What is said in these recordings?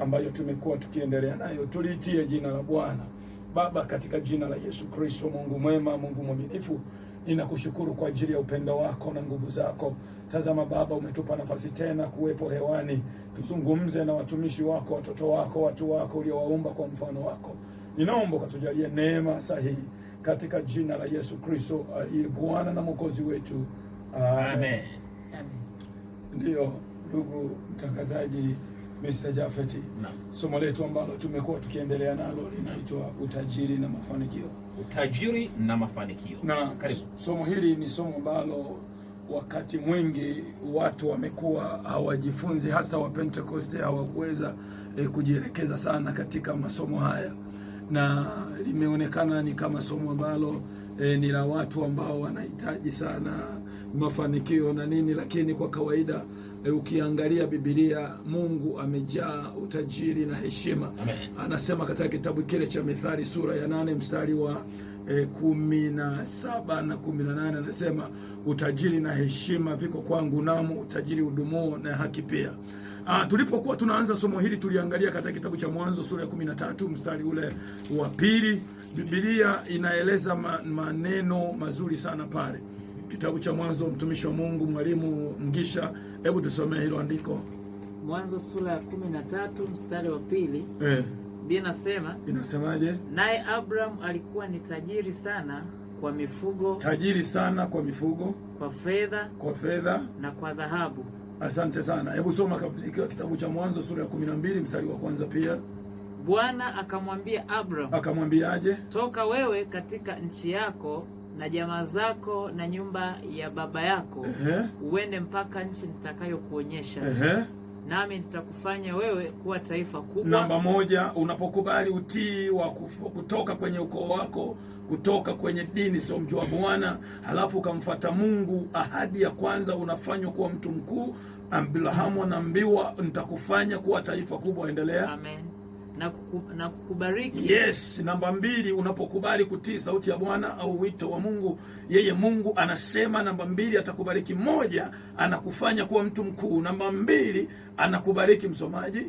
ambayo tumekuwa tukiendelea nayo, tuliitie jina la Bwana. Baba, katika jina la Yesu Kristo, Mungu mwema, Mungu mwaminifu, ninakushukuru kwa ajili ya upendo wako na nguvu zako. Tazama Baba, umetupa nafasi tena kuwepo hewani, tuzungumze na watumishi wako, watoto wako, watu wako uliowaumba kwa mfano wako. Ninaomba ukatujalie neema sahihi katika jina la Yesu Kristo aliye Bwana na Mwokozi wetu, amen. Amen. Ndiyo ndugu mtangazaji Mr. Jafet, somo letu ambalo tumekuwa tukiendelea nalo linaitwa utajiri na mafanikio. Utajiri na mafanikio. Na karibu. Somo hili ni somo ambalo wakati mwingi watu wamekuwa hawajifunzi, hasa wa Pentecost hawakuweza eh, kujielekeza sana katika masomo haya, na limeonekana ni kama somo ambalo eh, ni la watu ambao wanahitaji sana mafanikio na nini, lakini kwa kawaida Eh, ukiangalia Biblia, Mungu amejaa utajiri na heshima. Anasema katika kitabu kile cha Methali sura ya nane mstari wa e, kumi na saba na kumi na nane anasema utajiri na heshima viko kwangu, namu utajiri udumuo na haki pia. Ah, tulipokuwa tunaanza somo hili tuliangalia katika kitabu cha Mwanzo sura ya 13 mstari ule wa pili. Biblia inaeleza maneno mazuri sana pale kitabu cha Mwanzo. Mtumishi wa Mungu mwalimu Ngisha Hebu tusomee hilo andiko Mwanzo sura ya kumi na tatu mstari wa pili. Eh. Biblia inasema inasemaje? Naye Abraham alikuwa ni tajiri sana kwa mifugo, tajiri sana kwa mifugo, kwa fedha, kwa fedha na kwa dhahabu. Asante sana. Hebu soma katika kitabu cha Mwanzo sura ya 12 mstari wa kwanza pia. Bwana akamwambia Abraham, akamwambiaje? Toka wewe katika nchi yako na jamaa zako na nyumba ya baba yako uh -huh. uende mpaka nchi nitakayokuonyesha uh -huh. nami nitakufanya wewe kuwa taifa kubwa. Namba moja, unapokubali utii wa kutoka kwenye ukoo wako kutoka kwenye dini sio mjua Bwana halafu ukamfata Mungu, ahadi ya kwanza unafanywa kuwa mtu mkuu. Abrahamu anaambiwa nitakufanya kuwa taifa kubwa. Endelea. Amen na, kuku, na kukubariki. Yes, namba mbili, unapokubali kutii sauti ya Bwana au wito wa Mungu, yeye Mungu anasema namba mbili, atakubariki. Moja, anakufanya kuwa mtu mkuu. Namba mbili, anakubariki msomaji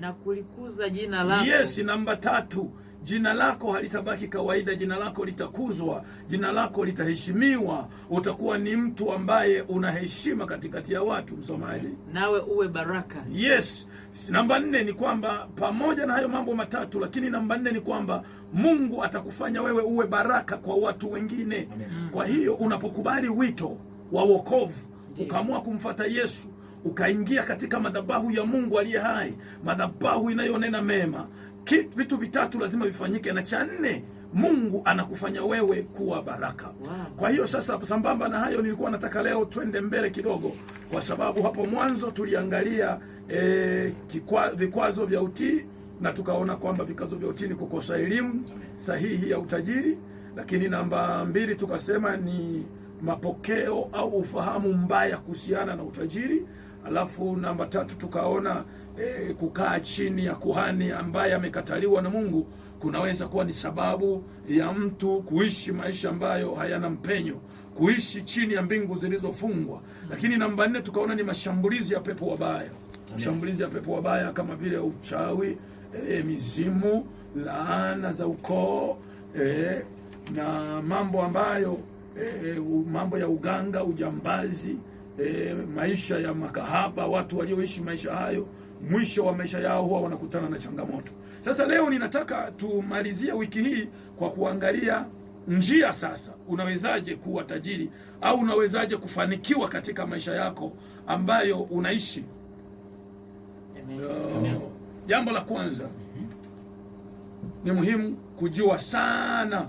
na kulikuza jina lako. Yes, namba tatu Jina lako halitabaki kawaida, jina lako litakuzwa, jina lako litaheshimiwa. Utakuwa ni mtu ambaye una heshima katikati ya watu, msomaji, nawe uwe baraka. Yes, namba nne ni kwamba pamoja na hayo mambo matatu, lakini namba nne ni kwamba Mungu atakufanya wewe uwe baraka kwa watu wengine. Mm. Kwa hiyo unapokubali wito wa wokovu ukaamua kumfata Yesu, ukaingia katika madhabahu ya Mungu aliye hai, madhabahu inayonena mema vitu vitatu lazima vifanyike, na cha nne Mungu anakufanya wewe kuwa baraka. Wow. Kwa hiyo sasa, sambamba na hayo, nilikuwa nataka leo twende mbele kidogo, kwa sababu hapo mwanzo tuliangalia e, kikwa, vikwazo vya utii na tukaona kwamba vikwazo vya utii ni kukosa elimu sahihi ya utajiri, lakini namba mbili tukasema ni mapokeo au ufahamu mbaya kuhusiana na utajiri Alafu namba tatu tukaona e, kukaa chini ya kuhani ambaye amekataliwa na Mungu kunaweza kuwa ni sababu ya mtu kuishi maisha ambayo hayana mpenyo, kuishi chini ya mbingu zilizofungwa. Lakini namba nne tukaona ni mashambulizi ya pepo wabaya, mashambulizi ya pepo wabaya kama vile uchawi, e, mizimu, laana za ukoo e, na mambo ambayo e, mambo ya uganga, ujambazi e, maisha ya makahaba, watu walioishi maisha hayo mwisho wa maisha yao huwa wanakutana na changamoto. Sasa leo ninataka tumalizie wiki hii kwa kuangalia njia sasa, unawezaje kuwa tajiri au unawezaje kufanikiwa katika maisha yako ambayo unaishi. Uh, jambo la kwanza mm-hmm. ni muhimu kujua sana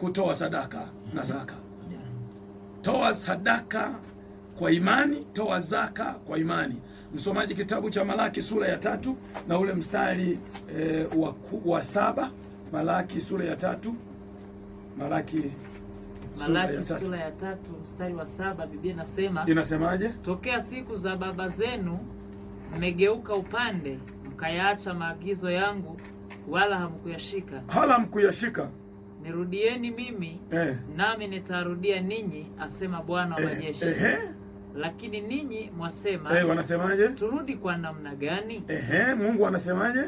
kutoa sadaka na zaka. Toa sadaka kwa imani, toa zaka kwa imani. Msomaji kitabu cha Malaki sura ya tatu na ule mstari e, wa, wa saba. Malaki sura ya tatu Malaki Malaki sura ya tatu mstari wa saba Biblia inasema, inasemaje? Tokea siku za baba zenu mmegeuka upande mkayaacha maagizo yangu, wala hamkuyashika hala hamkuyashika. Nirudieni mimi eh, nami nitarudia ninyi, asema Bwana wa eh, majeshi eh, eh, eh lakini ninyi mwasema. Eh, wanasemaje? Turudi kwa namna gani? Ehe, Mungu anasemaje?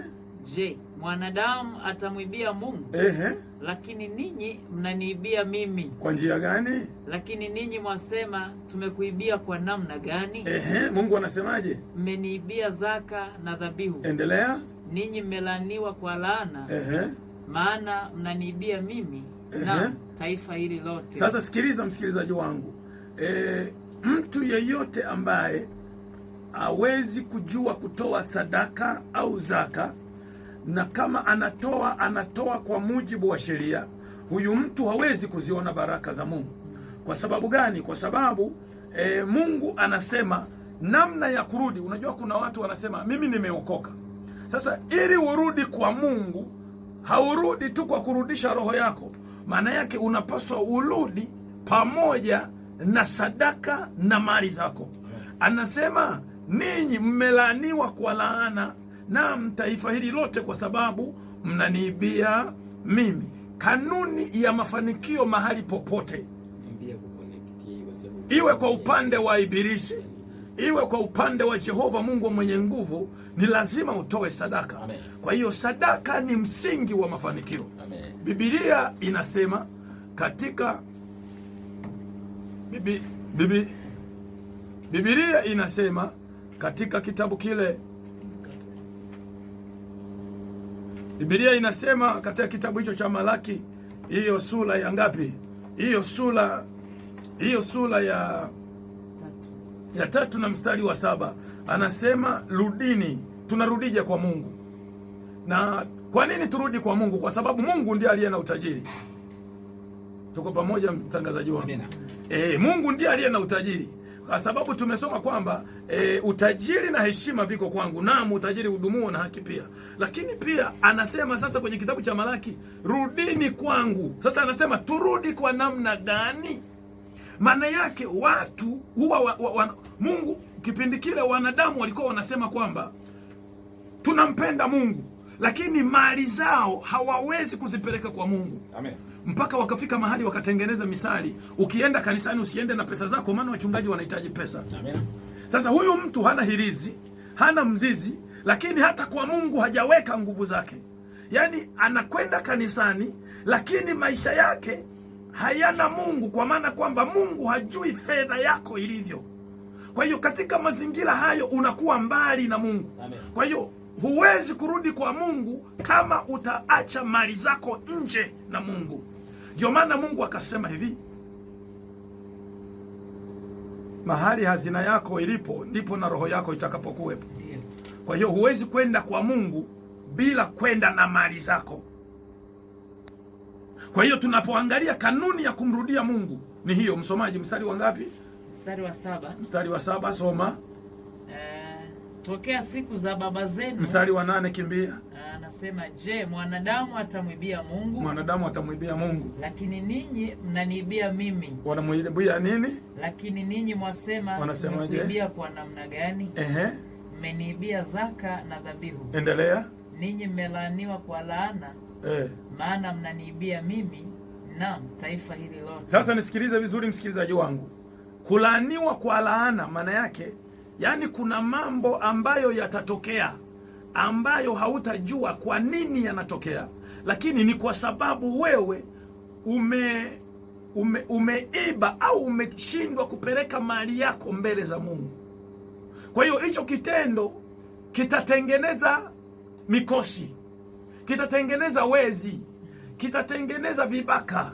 Je, mwanadamu atamwibia Mungu? Ehe. Lakini ninyi mnaniibia mimi. Kwa njia gani? Lakini ninyi mwasema tumekuibia kwa namna gani? Ehe, Mungu anasemaje? Mmeniibia zaka na dhabihu. Endelea. Ninyi mmelaniwa kwa laana. Ehe. Maana mnaniibia mimi Ehe. na taifa hili lote. Sasa sikiliza msikilizaji wangu. E, Mtu yeyote ambaye hawezi kujua kutoa sadaka au zaka, na kama anatoa anatoa kwa mujibu wa sheria, huyu mtu hawezi kuziona baraka za Mungu. Kwa sababu gani? Kwa sababu e, Mungu anasema namna ya kurudi. Unajua, kuna watu wanasema mimi nimeokoka. Sasa ili urudi kwa Mungu, haurudi tu kwa kurudisha roho yako, maana yake unapaswa urudi pamoja na sadaka na mali zako. Anasema ninyi mmelaaniwa kwa laana na mtaifa hili lote, kwa sababu mnaniibia mimi. Kanuni ya mafanikio mahali popote, iwe kwa upande wa Ibilisi, iwe kwa upande wa Jehova Mungu mwenye nguvu, ni lazima utoe sadaka. Kwa hiyo sadaka ni msingi wa mafanikio. bibilia Biblia inasema katika Bibi, bibi, Biblia inasema katika kitabu kile, Biblia inasema katika kitabu hicho cha Malaki, hiyo sura ya ngapi? Hiyo sura hiyo sura ya ya tatu na mstari wa saba anasema rudini. Tunarudije kwa Mungu? Na kwa nini turudi kwa Mungu? Kwa sababu Mungu ndiye aliye na utajiri. Tuko pamoja mtangazaji wangu. E, Mungu ndiye aliye na utajiri kwa sababu tumesoma kwamba e, utajiri na heshima viko kwangu, naam utajiri udumuo na haki pia. Lakini pia anasema sasa kwenye kitabu cha Malaki, rudini kwangu. Sasa anasema turudi kwa namna gani? Maana yake watu huwa wa, wa, wa, Mungu kipindi kile wanadamu walikuwa wanasema kwamba tunampenda Mungu, lakini mali zao hawawezi kuzipeleka kwa Mungu. Amen mpaka wakafika mahali wakatengeneza misali, ukienda kanisani usiende na pesa zako, maana wachungaji wanahitaji pesa. Sasa huyu mtu hana hirizi, hana mzizi, lakini hata kwa Mungu hajaweka nguvu zake. Yaani anakwenda kanisani, lakini maisha yake hayana Mungu, kwa maana kwamba Mungu hajui fedha yako ilivyo. Kwa hiyo katika mazingira hayo unakuwa mbali na Mungu. Kwa hiyo huwezi kurudi kwa Mungu kama utaacha mali zako nje na Mungu. Ndio maana Mungu akasema hivi, mahali hazina yako ilipo ndipo na roho yako itakapokuwepo. Kwa hiyo huwezi kwenda kwa Mungu bila kwenda na mali zako. Kwa hiyo tunapoangalia kanuni ya kumrudia Mungu ni hiyo. Msomaji, mstari wa ngapi? Mstari wa saba. Mstari wa saba, soma tokea siku za baba zenu. Mstari wa nane kimbia, anasema je, mwanadamu atamwibia Mungu? Mwanadamu atamwibia Mungu, lakini ninyi mnaniibia mimi. Wanamwibia nini? Lakini ninyi mwasema, wanasema kwa namna gani? Ehe, mmeniibia zaka na dhabihu. Endelea. Ninyi mmelaaniwa kwa laana eh, maana mnaniibia mimi na taifa hili lote. Sasa nisikilize vizuri, msikilizaji wangu, kulaaniwa kwa laana maana yake Yaani kuna mambo ambayo yatatokea ambayo hautajua kwa nini yanatokea, lakini ni kwa sababu wewe ume ume umeiba au umeshindwa kupeleka mali yako mbele za Mungu. Kwa hiyo hicho kitendo kitatengeneza mikosi, kitatengeneza wezi, kitatengeneza vibaka,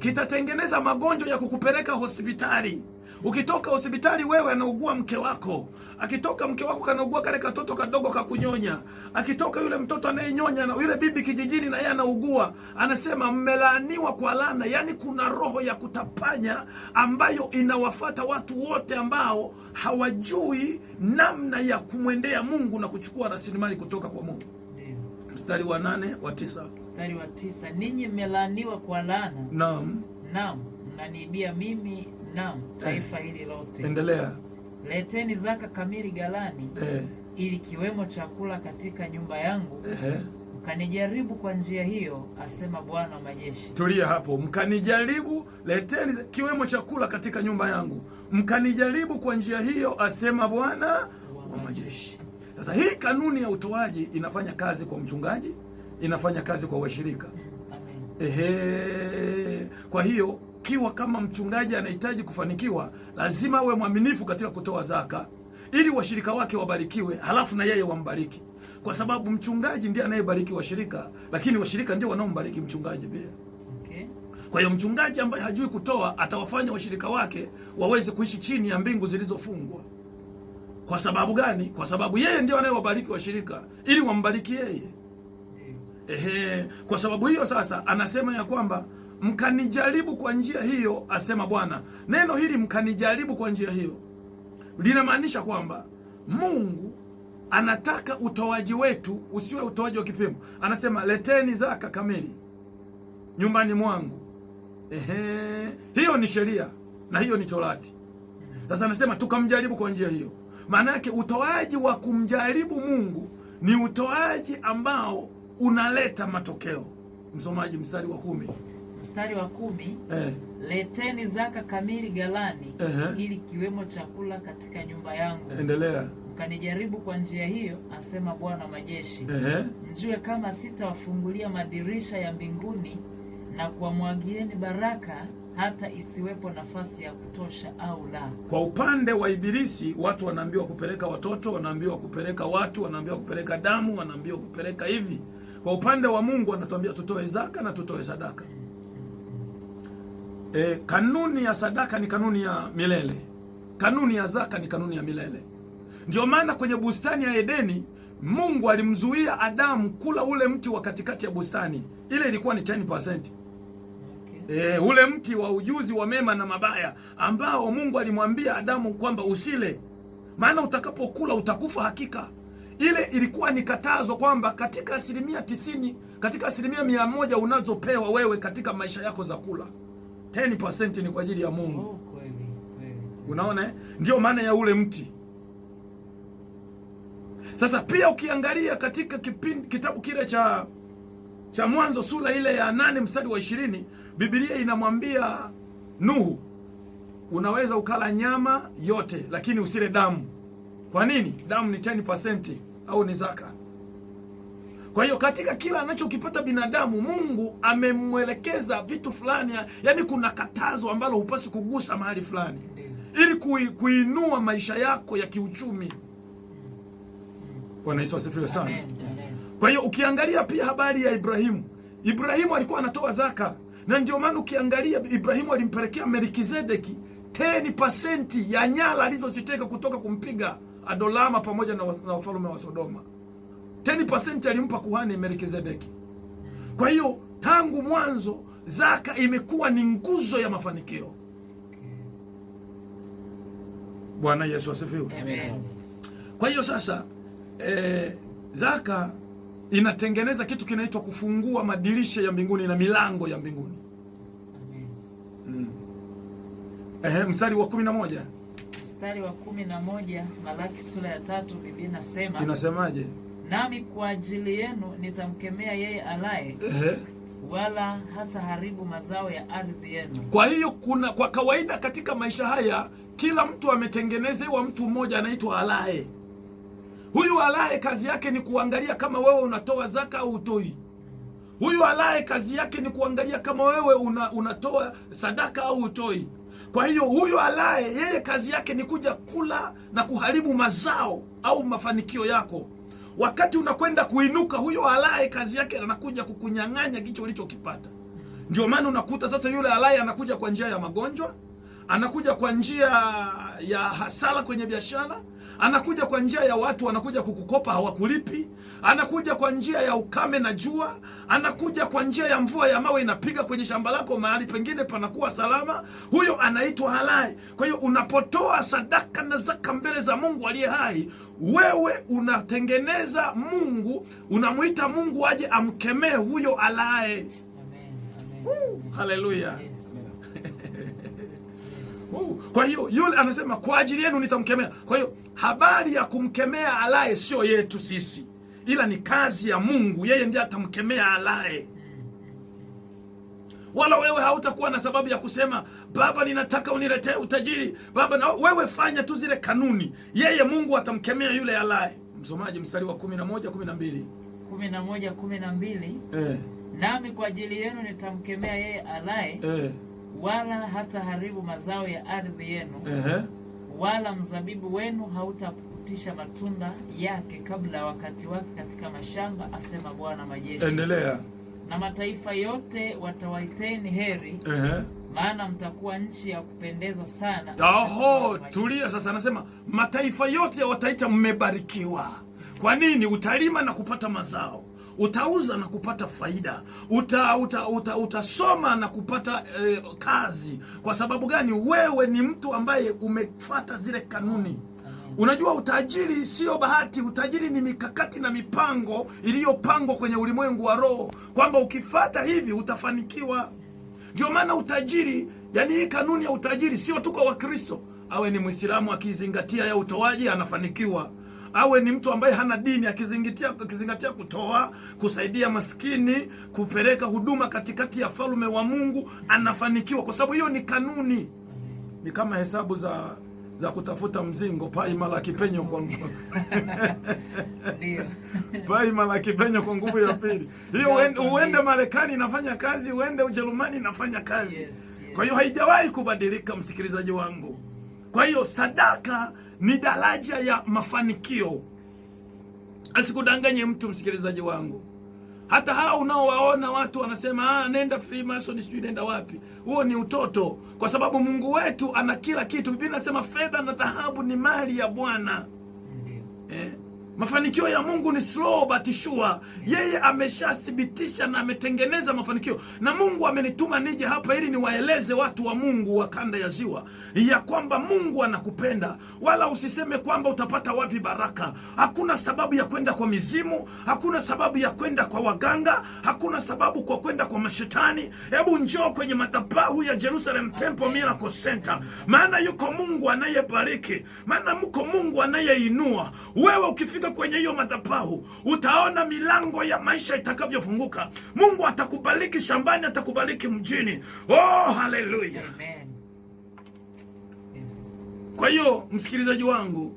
kitatengeneza magonjwa ya kukupeleka hospitali. Ukitoka hospitali wewe, anaugua mke wako, akitoka mke wako kanaugua kale katoto kadogo kakunyonya, akitoka yule mtoto anayenyonya na yule bibi kijijini, na yeye anaugua, anasema mmelaaniwa kwa laana. Yaani kuna roho ya kutapanya ambayo inawafata watu wote ambao hawajui namna ya kumwendea Mungu na kuchukua rasilimali kutoka kwa Mungu. Mstari wa nane wa tisa, mstari wa tisa, ninyi mmelaaniwa kwa laana, naam naam, mnaniibia mimi Naam, eh, taifa hili lote. Endelea. Leteni zaka kamili galani eh, ili kiwemo chakula katika nyumba yangu, eh, mkanijaribu kwa njia hiyo, asema Bwana wa majeshi. Tulia hapo, mkanijaribu. Leteni kiwemo chakula katika nyumba yangu, mkanijaribu kwa njia hiyo, asema Bwana wa majeshi. Sasa hii kanuni ya utoaji inafanya kazi kwa mchungaji, inafanya kazi kwa washirika. Amen. Ehe, kwa hiyo ukiwa kama mchungaji anahitaji kufanikiwa, lazima awe mwaminifu katika kutoa zaka ili washirika wake wabarikiwe, halafu na yeye wambariki, kwa sababu mchungaji ndiye anayebariki washirika, lakini washirika ndio wanaombariki mchungaji pia. Okay. Kwa hiyo mchungaji ambaye hajui kutoa atawafanya washirika wake waweze kuishi chini ya mbingu zilizofungwa. Kwa sababu gani? Kwa sababu yeye ndio anayewabariki washirika ili wambariki yeye. Ehe, kwa sababu hiyo sasa anasema ya kwamba mkanijaribu kwa njia hiyo, asema Bwana. Neno hili mkanijaribu kwa njia hiyo linamaanisha kwamba Mungu anataka utoaji wetu usiwe utoaji wa kipimo. Anasema leteni zaka kamili nyumbani mwangu. Ehe, hiyo ni sheria na hiyo ni Torati. Sasa anasema tukamjaribu kwa njia hiyo, maana yake utoaji wa kumjaribu Mungu ni utoaji ambao unaleta matokeo. Msomaji, mstari wa kumi mstari wa kumi eh, leteni zaka kamili galani uh -huh, ili kiwemo chakula katika nyumba yangu. Endelea. Mkanijaribu kwa njia hiyo, asema Bwana majeshi uh -huh, mjue kama sitawafungulia madirisha ya mbinguni na kuwamwagieni baraka hata isiwepo nafasi ya kutosha au la. Kwa upande wa Ibilisi, watu wanaambiwa kupeleka watoto, wanaambiwa kupeleka watu, wanaambiwa kupeleka damu, wanaambiwa kupeleka hivi. Kwa upande wa Mungu anatuambia tutoe zaka na tutoe sadaka. E, kanuni ya sadaka ni kanuni ya milele, kanuni ya zaka ni kanuni ya milele. ndio maana kwenye bustani ya Edeni Mungu alimzuia Adamu kula ule mti wa katikati ya bustani ile, ilikuwa ni 10%. E, eh, ule mti wa ujuzi wa mema na mabaya ambao Mungu alimwambia Adamu kwamba usile, maana utakapokula utakufa hakika. Ile ilikuwa ni katazo kwamba katika asilimia tisini, katika asilimia mia moja unazopewa wewe katika maisha yako za kula 10% ni kwa ajili ya Mungu. Oh, Unaona, eh? ndiyo maana ya ule mti. Sasa pia ukiangalia katika kipindi, kitabu kile cha cha Mwanzo sura ile ya nane mstari wa ishirini Biblia inamwambia Nuhu, unaweza ukala nyama yote lakini usile damu. Kwa nini? Damu ni 10% au ni zaka kwa hiyo katika kila anachokipata binadamu Mungu amemwelekeza vitu fulani, yani kuna katazo ambalo hupasi kugusa mahali fulani ili kui, kuinua maisha yako ya kiuchumi. Bwana Yesu asifiwe sana. Kwa hiyo ukiangalia pia habari ya Ibrahimu, Ibrahimu alikuwa anatoa zaka na ndio maana ukiangalia Ibrahimu alimpelekea Melkizedeki 10% ya nyala alizoziteka kutoka kumpiga Adolama pamoja na wafalme wa Sodoma. 10% alimpa kuhani Melkizedeki. Kwa hiyo tangu mwanzo zaka imekuwa ni nguzo ya mafanikio. Bwana Yesu asifiwe. Kwa hiyo sasa e, zaka inatengeneza kitu kinaitwa kufungua madirisha ya mbinguni na milango ya mbinguni. Amen. Mm. Ehe, mstari wa kumi na moja mstari wa kumi na moja Malaki sura ya tatu Biblia inasema inasemaje? nami kwa ajili yenu nitamkemea yeye alaye wala hata haribu mazao ya ardhi yenu. Kwa hiyo kuna kwa kawaida katika maisha haya kila mtu ametengenezewa mtu mmoja anaitwa alaye. Huyu alaye kazi yake ni kuangalia kama wewe unatoa zaka au utoi. Huyu alaye kazi yake ni kuangalia kama wewe una, unatoa sadaka au utoi. Kwa hiyo huyu alaye yeye kazi yake ni kuja kula na kuharibu mazao au mafanikio yako. Wakati unakwenda kuinuka, huyo alaye kazi yake anakuja kukunyang'anya kicho ulichokipata. Ndio maana unakuta sasa yule alaye anakuja kwa njia ya magonjwa, anakuja kwa njia ya hasara kwenye biashara anakuja kwa njia ya watu, wanakuja kukukopa hawakulipi, anakuja kwa njia ya ukame na jua, anakuja kwa njia ya mvua ya mawe inapiga kwenye shamba lako, mahali pengine panakuwa salama. Huyo anaitwa halai. Kwa hiyo unapotoa sadaka na zaka mbele za Mungu aliye hai, wewe unatengeneza Mungu, unamwita Mungu aje amkemee huyo alaye. Haleluya! Kwa hiyo yule anasema kwa ajili yenu nitamkemea. Kwa hiyo habari ya kumkemea alaye sio yetu sisi, ila ni kazi ya Mungu. Yeye ndiye atamkemea alaye, wala wewe hautakuwa na sababu ya kusema Baba, ninataka uniletee utajiri Baba. Na wewe fanya tu zile kanuni, yeye Mungu atamkemea yule alaye. Msomaji, mstari wa kumi na moja kumi na mbili kumi na moja kumi na mbili eh. Nami kwa ajili yenu nitamkemea yeye alaye eh. Wala hata haribu mazao ya ardhi yenu eh wala mzabibu wenu hautapukutisha matunda yake kabla ya wakati wake katika mashamba, asema Bwana majeshi. Endelea. Na mataifa yote watawaiteni heri. -huh. Maana mtakuwa nchi ya kupendeza sana. Oho, tulia sasa. Anasema mataifa yote wataita mmebarikiwa. Kwa nini? Utalima na kupata mazao utauza na kupata faida, uta, uta, uta, utasoma na kupata e, kazi. Kwa sababu gani? Wewe ni mtu ambaye umefuata zile kanuni. Unajua, utajiri sio bahati. Utajiri ni mikakati na mipango iliyopangwa kwenye ulimwengu wa roho, kwamba ukifata hivi utafanikiwa. Ndio maana utajiri, yani hii kanuni ya utajiri sio tu kwa Wakristo. Awe ni Mwislamu akiizingatia ya utoaji anafanikiwa awe ni mtu ambaye hana dini, akizingatia akizingatia kutoa, kusaidia maskini, kupeleka huduma katikati ya falme wa Mungu, anafanikiwa kwa sababu hiyo ni kanuni. Ni kama hesabu za za kutafuta mzingo, pai mara kipenyo kwa nguvu pai mara kipenyo kwa nguvu ya pili. Hiyo uende Marekani inafanya kazi, uende Ujerumani inafanya kazi. Yes, yes. Kwa hiyo haijawahi kubadilika, msikilizaji wangu. Kwa hiyo sadaka ni daraja ya mafanikio. Asikudanganye mtu, msikilizaji wangu. Hata hawa unaowaona watu wanasema ah, nenda Freemason sijui nenda wapi, huo ni utoto, kwa sababu Mungu wetu ana kila kitu. Biblia inasema fedha na dhahabu ni mali ya Bwana. mm -hmm. eh? Mafanikio ya Mungu ni slow but sure. Yeye ameshathibitisha na ametengeneza mafanikio, na Mungu amenituma nije hapa ili niwaeleze watu wa Mungu wa kanda ya Ziwa ya kwamba Mungu anakupenda, wala usiseme kwamba utapata wapi baraka. Hakuna sababu ya kwenda kwa mizimu, hakuna sababu ya kwenda kwa waganga, hakuna sababu kwa kwenda kwa mashetani. Hebu njoo kwenye madhabahu ya Jerusalem Temple Miracle Center, maana yuko Mungu anayebariki, maana mko Mungu anayeinua wewe ukifika kwenye hiyo madhabahu utaona milango ya maisha itakavyofunguka. Mungu atakubariki shambani, atakubariki mjini. Oh, haleluya! Yes. Kwa hiyo msikilizaji wangu,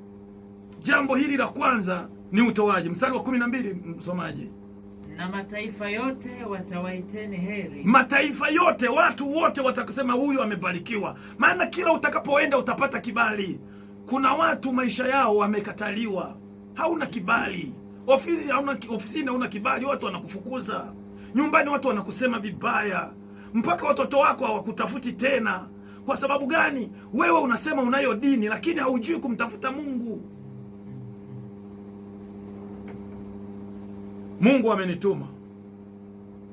jambo hili la kwanza ni utoaji. Mstari wa kumi na mbili, msomaji na mataifa yote watawaiteni heri. Mataifa yote, watu wote watasema huyu amebarikiwa, maana kila utakapoenda utapata kibali. Kuna watu maisha yao wamekataliwa, hauna kibali, ofisi hauna, ofisini hauna kibali, watu wanakufukuza, nyumbani watu wanakusema vibaya, mpaka watoto wako hawakutafuti tena. Kwa sababu gani? Wewe unasema unayo dini, lakini haujui kumtafuta Mungu. Mungu amenituma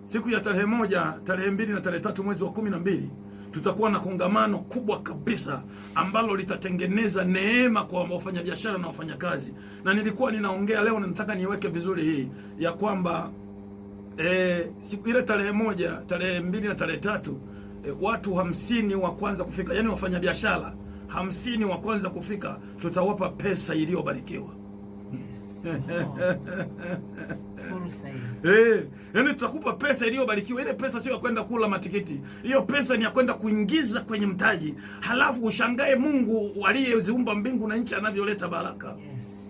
siku ya tarehe moja, tarehe mbili na tarehe tatu mwezi wa kumi na mbili tutakuwa na kongamano kubwa kabisa ambalo litatengeneza neema kwa wafanyabiashara na wafanyakazi. Na nilikuwa ninaongea leo, nataka niweke vizuri hii ya kwamba e, siku ile tarehe moja, tarehe mbili na tarehe tatu e, watu hamsini wa kwanza kufika, yani wafanyabiashara hamsini wa kwanza kufika tutawapa pesa iliyobarikiwa. Eh, yani tutakupa pesa iliyobarikiwa. Ile pesa sio ya kwenda kula matikiti, hiyo pesa ni ya kwenda kuingiza kwenye mtaji, halafu ushangae Mungu aliyeziumba mbingu na nchi anavyoleta baraka. Yes.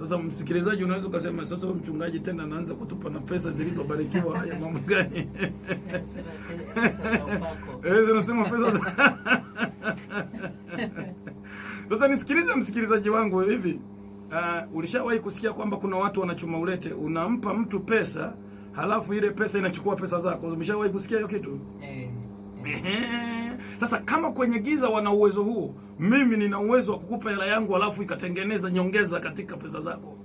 Sasa msikilizaji, unaweza ukasema sasa, huyo mchungaji tena anaanza kutupa na pesa zilizobarikiwa. Haya mambo gani? pesa za eh, sasa. Nisikilize msikilizaji wangu hivi uh, ulishawahi kusikia kwamba kuna watu wanachuma ulete, unampa mtu pesa halafu ile pesa inachukua pesa zako. Umeshawahi kusikia hiyo kitu? Eh. Sasa kama kwenye giza wana uwezo huo, mimi nina uwezo wa kukupa hela yangu halafu ikatengeneza nyongeza katika pesa zako,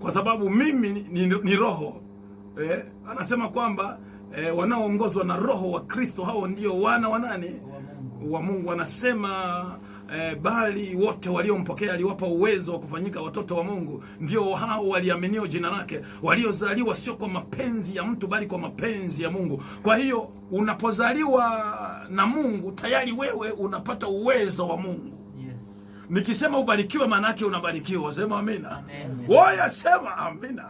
kwa sababu mimi ni, ni, ni roho eh. Anasema kwamba eh, wanaoongozwa na roho wa Kristo hao ndio wana nani? wa Mungu. Anasema e, bali wote waliompokea aliwapa uwezo wa kufanyika watoto wa Mungu, ndio hao waliaminio jina lake, waliozaliwa sio kwa mapenzi ya mtu, bali kwa mapenzi ya Mungu. Kwa hiyo unapozaliwa na Mungu tayari wewe unapata uwezo wa Mungu. Yes. Nikisema ubarikiwe, maana yake unabarikiwa. Sema amina. Woya sema amina.